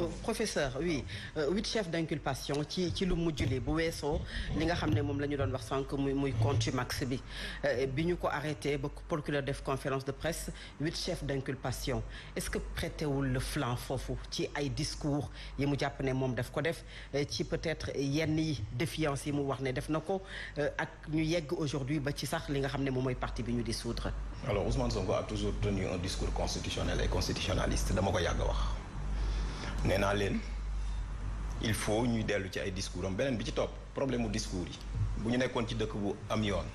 Euh, professeur oui euh, huit chefs d'inculpation qui ci lu vous savez, bu weesoo li nga xam ne moom la ñu doon wax sànq muy muy contumax bi euh, bi ñu ko arrêté ba conférence de presse huit chefs d'inculpation est-ce que prêtez-vous le flanc vous ci un discours qui mu jàpp ne moom ko def ci peut-être yenn yi défiance yi mu wax ne def avons dit aujourd'hui ba ci sax li nga xam parti bi ñu dissoudre alors Ousmane Sonko a toujours tenu un discours constitutionnel et constitutionnaliste dama ko yàgg wax nee naa leen il faut ñuy dellu ci ay discours am beneen bi ci topp problème mu discours yi bu ñu nekkoon ci dëkk bu am yoon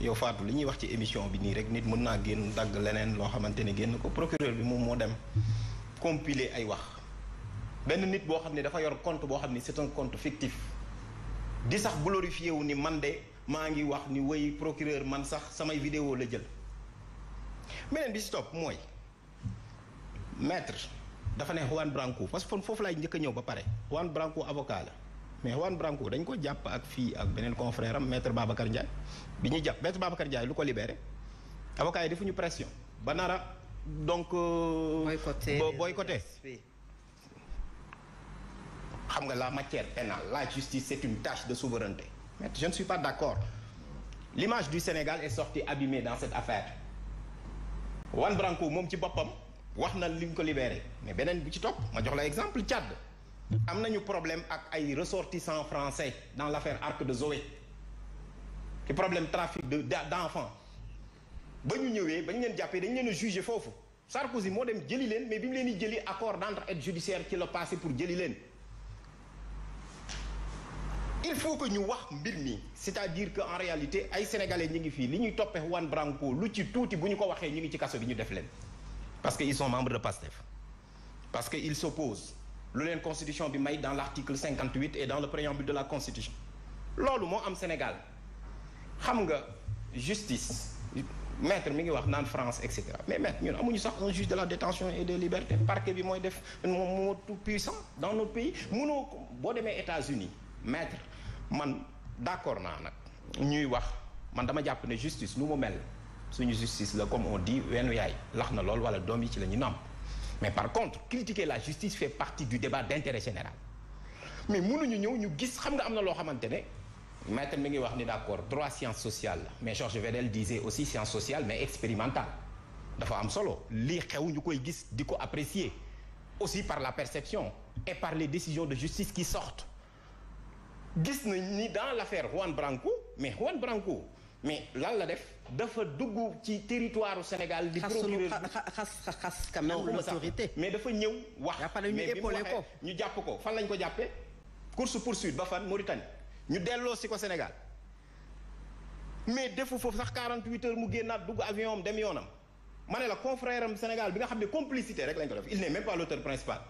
yow Fatou li ñuy wax ci émission bi nii rek nit mën naa génn dagg leneen loo xamante ni génn ko procureur bi moom moo dem compiler ay wax benn nit boo xam ne dafa yor compte boo xam ne c'est un compte fictif di sax glorifié wu ni man de maa ngi wax ni wéy procureur man sax samay vidéo la jël beneen bi ci topp mooy maître dafa ne Juan Branco parce que fofu lay ñëk ñëw ba paré Juan Branco avocat la mais Juan Branco dañ ko japp ak fi ak benen confrère am maître Babacar Ndiaye biñu japp jàpp maître Babacar Ndiaye lu ko libéré avocat yi ñu pression ba nara donc. Euh, boycotté boycotté. xam nga la matière pénale la justice c'est une tâche de souveraineté. mais je ne suis pas d'accord l'image du Sénégal est sortie abîmée dans cette affaire Juan Branco moom ci boppam wax na li ko libéré mais benen bu ci top. ma jox la exemple Tchad am nañu problème ak ay ressortissants français dans l'affaire Arc de Zoé qui problème trafic de d'enfants ba ñu ñëwee ba leen jappé dañ leen juger fofu foofu Sarkozy moo dem jëli leen mais bi leen di jëli accord d'entraide judiciaire ci la passé pour jëli leen il faut que ñu wax mbir mi c'est-à-dire que en réalité ay sénégalais ñi ngi fi li ñuy topé wan Branco lu ci touti buñ ko waxé ñi ngi ci kasso bi ñu def leen parce qu'ils sont membres de PASTEF parce qu'ils s'opposent lien de constitution est dans l'article 58 et dans le préambule de la constitution loolu moo am Sénégal xam nga justice maître il est wax France etc. mais maître nous amuñu un juge de la détention et de la parquet bi mooy def sommes tout puissant dans notre pays Si sommes boo États-Unis maître man d'accord Nous sommes ñuy wax man dama justice nous suñu justice la comme on dit weenu yaay lax na wala doom yi ci la ñu mais par contre critiquer la justice fait partie du débat d'intérêt général mais nous, nous, nous, gis xam nga am na loo Maintenant, maître mi wax ni d'accord droit science sociale mais Georges Vedel disait aussi science sociale mais expérimentale dafa am solo lii xew ñu gis di apprécié, aussi par la perception et par les décisions de justice qui sortent gis nañ ni dans l'affaire Juan Branco mais Juan Branco mais là, la def dafa dugg territoires territoire Sénégal di procureur l'autorité mais wax mais ñu course poursuite Mauritanie Sénégal mais defu faut 48 heures mu avion dem confrère Sénégal bi nga complicité il n'est même pas l'auteur principal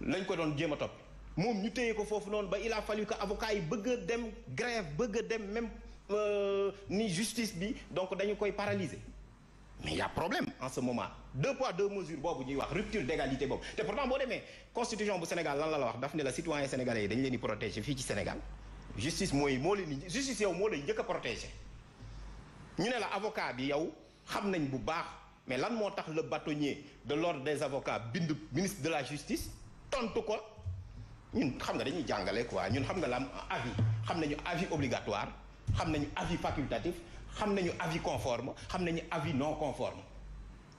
lañ a il a fallu que avocat yi dem grève même euh, ni justice bi donc dañu koy paralyser mais il y a problème en ce moment deux poids deux mesures bobu ñuy wax rupture d'égalité bon té pourtant bon mais constitution bu Sénégal lan la la wax daf né la citoyen sénégalais dañ dañu leen protéger fi ci Sénégal justice moy mo leen justice yow mo lay jëk protéger ñu né la avocat bi yow xam nañ bu baax mais lan mo tax le bâtonnier de l'ordre des avocats bind ministre de la justice tontu quoi ñun xam nga dañuy jàngalé quoi ñun xam nga la avis xam nañu avis obligatoire xam nañu avis facultatif xam nañu avis conforme xam nañu avis non conforme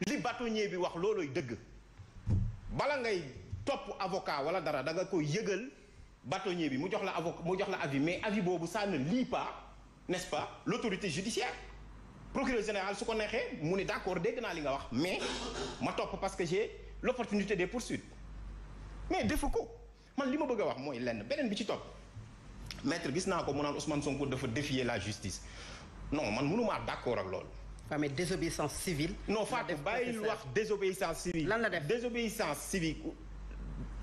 li batonnier bi wax loolooy dëgg bala ngay topp avocat wala dara da nga koy yëgal batonnier bi mu jox la avocat mu jox la avis mais avis boobu ça ne lit pas n'est-ce pas l'autorité judiciaire procureur général su ko neexee mu ne d'accord dégg naa li nga wax mais ma topp parce que j'ai l'opportunité des poursuites mais defu ko man li ma bëgg a wax mooy lenn beneen bi ci topp maître gis naa ko de Ousmane Sonko dafa défier la justice non man pas d'accord ak ça. fa mais désobéissance civile. non def bayil wax désobéissance civile. lan la def désobéissance civique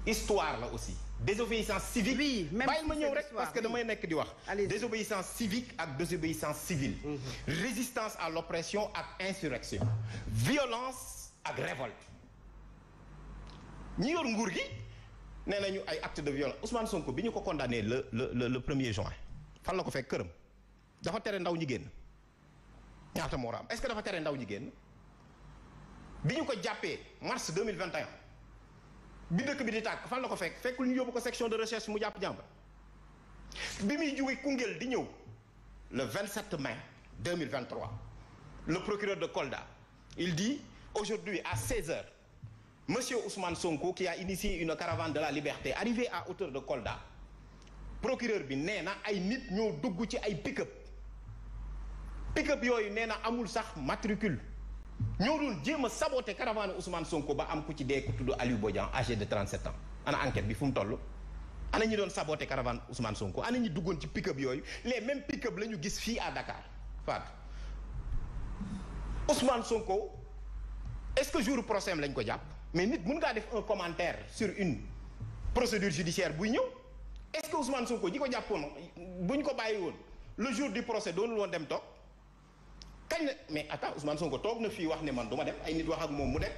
histoire là aussi. désobéissance civique. oui même bàyyil ma ñëw rek parce que damay nek di wax. désobéissance civique ak désobéissance civile. Mhm. résistance à l'oppression ak insurrection violence ak révolte ñi yor nguur gi nee ay acte de viol Ousmane Sonko bi ko condamné le le le premier juin fan la ko fekk këram dafa tere ndaw ñi génn est-ce que dafa tere ndaw ñi génn bi ko mars 2021 bi dëkk bi di tak fan la ko fek fekul ñu yobu ko section de recherche mu japp jamba bi mi jóge kungel di ñew le 27 mai 2023 le procureur de Kolda il dit aujourd'hui à 16 heures Monsieur Ousmane Sonko qui a initié une caravane de la liberté arrivé à hauteur de Kolda procureur bi néna ay nit ñoo dugg ci ay pick-up pick-up yooyu nee na amul sax matricule ñoo doon jéem a saboté caravane Ousmane Sonko ba am ku ci dee ku tudd Aliou Bodian âgé de 37 ans ana enquête bi fu mu toll ana ñi doon saboté caravane Ousmane Sonko ana ñi duggoon ci pick-up yooyu les mêmes pick-up la ñu gis fii à Dakar Fatou Ousmane Sonko est-ce que jour prochain lañ ko jàpp mais nit mën ngaa def un commentaire sur une procédure judiciaire buy ñëw est-ce que Ousmane Sonko ñi ko jàppoon buñ ko bàyyi woon le jour du procès doonul woon dem toog kañ la mais attends Ousmane ko toog na fii wax ne man du dem ay nit wax ak moom mu dem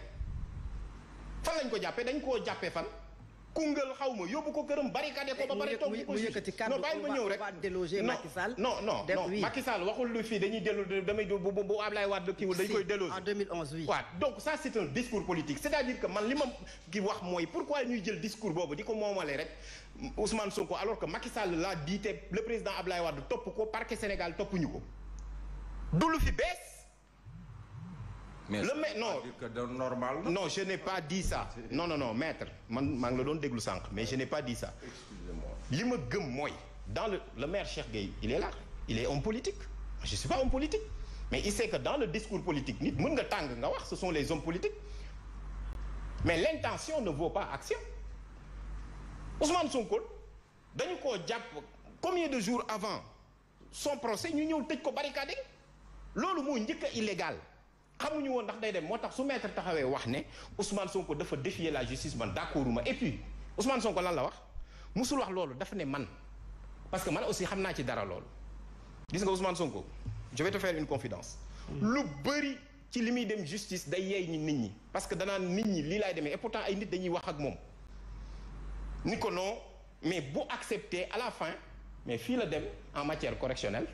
fan lañ ko jàppee dañ koo jàppee fan. kungal xawma ma ko këram barricade ko ba bari eh, toog ko yëkkati kàddu non bàyyi ma ñëw rek déloger Macky Sall non non non Macky Sall waxul lu fi dañuy déloger damay bu bu Ablaye Wade kiiwul dañ koy déloger en 2011 oui waaw donc ça c'est un discours politique c'est-à-dire que man limam ma gi wax moy pourquoi ñuy jël discours bobu diko momalé rek Ousmane Sonko alors que Macky Sall l'a dit te le président Ablaye Wade top ko parquet Sénégal topp ñuko ko lu fi bees non je n'ai pas dit ça non non non maître mais je n'ai pas dit ça Excusez-moi. dans le maire Cheikh Gueye il est là il est homme politique je ne suis pas homme politique mais il sait que dans le discours politique ce sont les hommes politiques mais l'intention ne vaut pas action Ousmane Sonko combien de jours avant son procès ñu a été ko barricadé ce illégal xamuñu won ndax day dem motax su maître taxawé wax né Ousmane Sonko dafa défier la justice man d'accorduma et puis Ousmane Sonko lan la wax musul wax lolu dafa né man parce que man aussi xamna ci dara lolu gis nga Ousmane Sonko je vais te faire une confidence lu bëri ci limi dem justice day yeey ñi nit ñi parce que dana nit ñi li lay démé et pourtant ay nit dañuy wax ak mom ni ko non mais bu accepté à la fin mais fi la dem en matière correctionnelle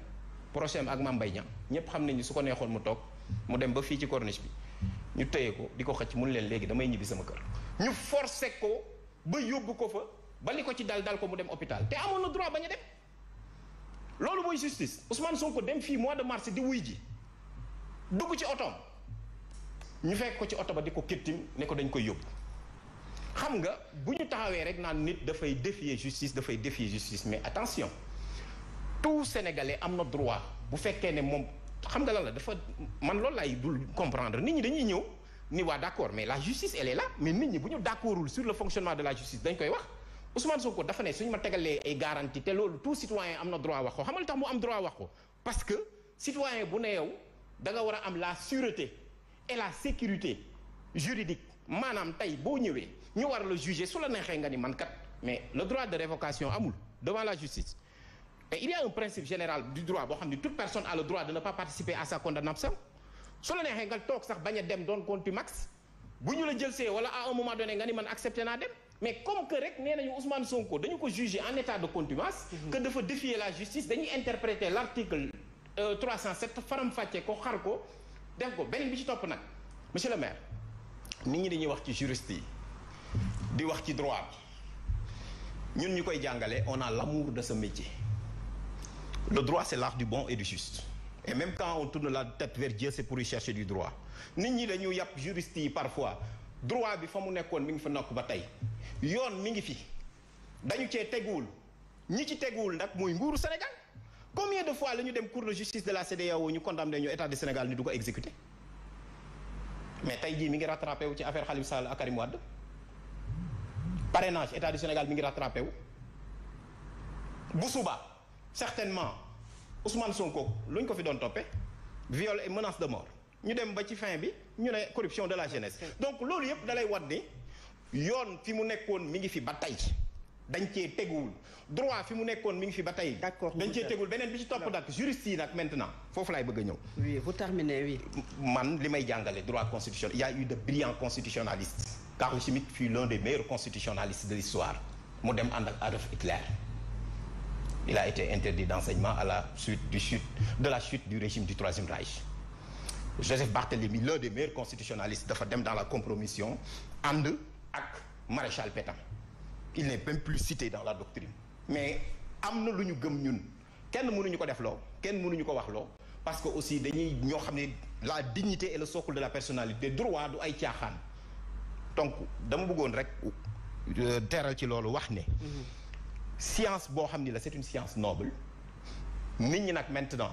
procès ak Mame Mbaye ñepp ñépp xam nañu su ko neexoon mu tok mu dem ba fii ci corniche bi ñu téye ko di ko xëcc mun leen léegi damay ñibbi sama kër ñu forcé ko ba yóbbu ko fa ba li ko ci dal dal ko mu dem hôpital te amoon na droit bañ a dem loolu mooy justice Ousmane Sonko dem fii mois de mars di wuy ji dugg ci otoom ñu fekk ko ci oto ba di ko kittim ne ko dañ koy yóbbu xam nga bu ñu taxawee rek naan nit dafay défier justice dafay défier justice mais attention tout sénégalais am na droit bu fekkee ne moom xam nga lan la dafa man loolu laay dul comprendre nit ñi dañuy ñëw ni waa d'accord mais la justice elle est là mais nit ñi bu ñu d'accordul sur le fonctionnement de la justice dañ koy wax Ousmane Sonko dafa ne suñu ma tegalee ay garantie te loolu tout citoyen am na droit wax ko xamal tax mu am droit wax ko parce que citoyen bu ne yow da nga war a am la sûreté et la sécurité juridique maanaam tey boo ñëwee ñu war la juger su la neexee nga ni man kat mais le droit de révocation amul devant la justice et il y a un principe général du droit boo xam toute personne a le droit de ne pas participer à sa condamnation si on neexee tok sax baña a dem max contumax bu ñu la jëlsee wala à un moment donné nga ni man accepter na dem mais comme que rek nee nañu Ousmane Sonko dañu ko juger en état de contumace mhm. que dafa défier la justice dañuy interpréter l'article 307 euh, faram fàcce ko xar ko def ko bi ci top nak monsieur le maire nit ñi dañuy wax ci juriste di wax ci droit ñun ñukoy jàngalé on a l'amour de ce métier le droit, c'est l'art du bon et du juste. Et même quand on tourne la tête vers Dieu, c'est pour y chercher du droit. Nous, sommes dañu yàpp parfois droit bi avons mu nekkoon nous ngi fa bataille. ba nous yoon mi ngi fi nous sommes des ñi ci sommes Sénégal combien de fois nous avons dem cours de justice de la nous ñu condamné l'État du Sénégal ni exécuter? mais nous avons mi rattrapé l'affaire Khalim affaire à Sall Karim parrainage l'État du Sénégal nous ngi rattrapé Boussouba certainement Ousmane Sonko luñ qui ko fi doon topé viol et menace de mort ñu dem ba ci fin bi ñu né corruption de la jeunesse donc lolu yëpp dalay wat ni yoon fi mu nekkoon mi ngi fi batay dañ cee teguwul droit fi mu nekkoon mi ngi fi batay d'accord dañ cee teguwul benen bi ci top dak juriste nak maintenant fofu lay bëgg ñëw. oui vous terminez oui. man limay may droit constitutionnel il y a eu de brillants constitutionnalistes. Carl Schmitt fut l'un des meilleurs constitutionnalistes de l'histoire mu dem Adolf Hitler. Il a été interdit d'enseignement à la suite du de la chute du régime du Troisième Reich. Joseph Barthélemy l'un des meilleurs constitutionnalistes de Fadem dans la compromission ànd avec maréchal Pétain il n'est même plus cité dans la doctrine mais il a été interdit gëm ñun kenn mënuñu ko def loo kenn ko wax parce que aussi dañuy la dignité et le socle de la personnalité droit du ay donc dama a rek interdit euh, ci loolu science bo xamni c'est une science noble nit ñi nak maintenant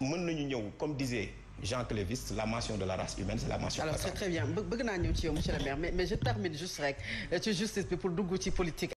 mën nañu ñëw comme disait Jean Clévis la mention de la race humaine c'est la mention alors c'est très bien bëgg naa ñëw ci yow monsieur le maire mais je termine juste avec euh, Tu justice pour le ci politique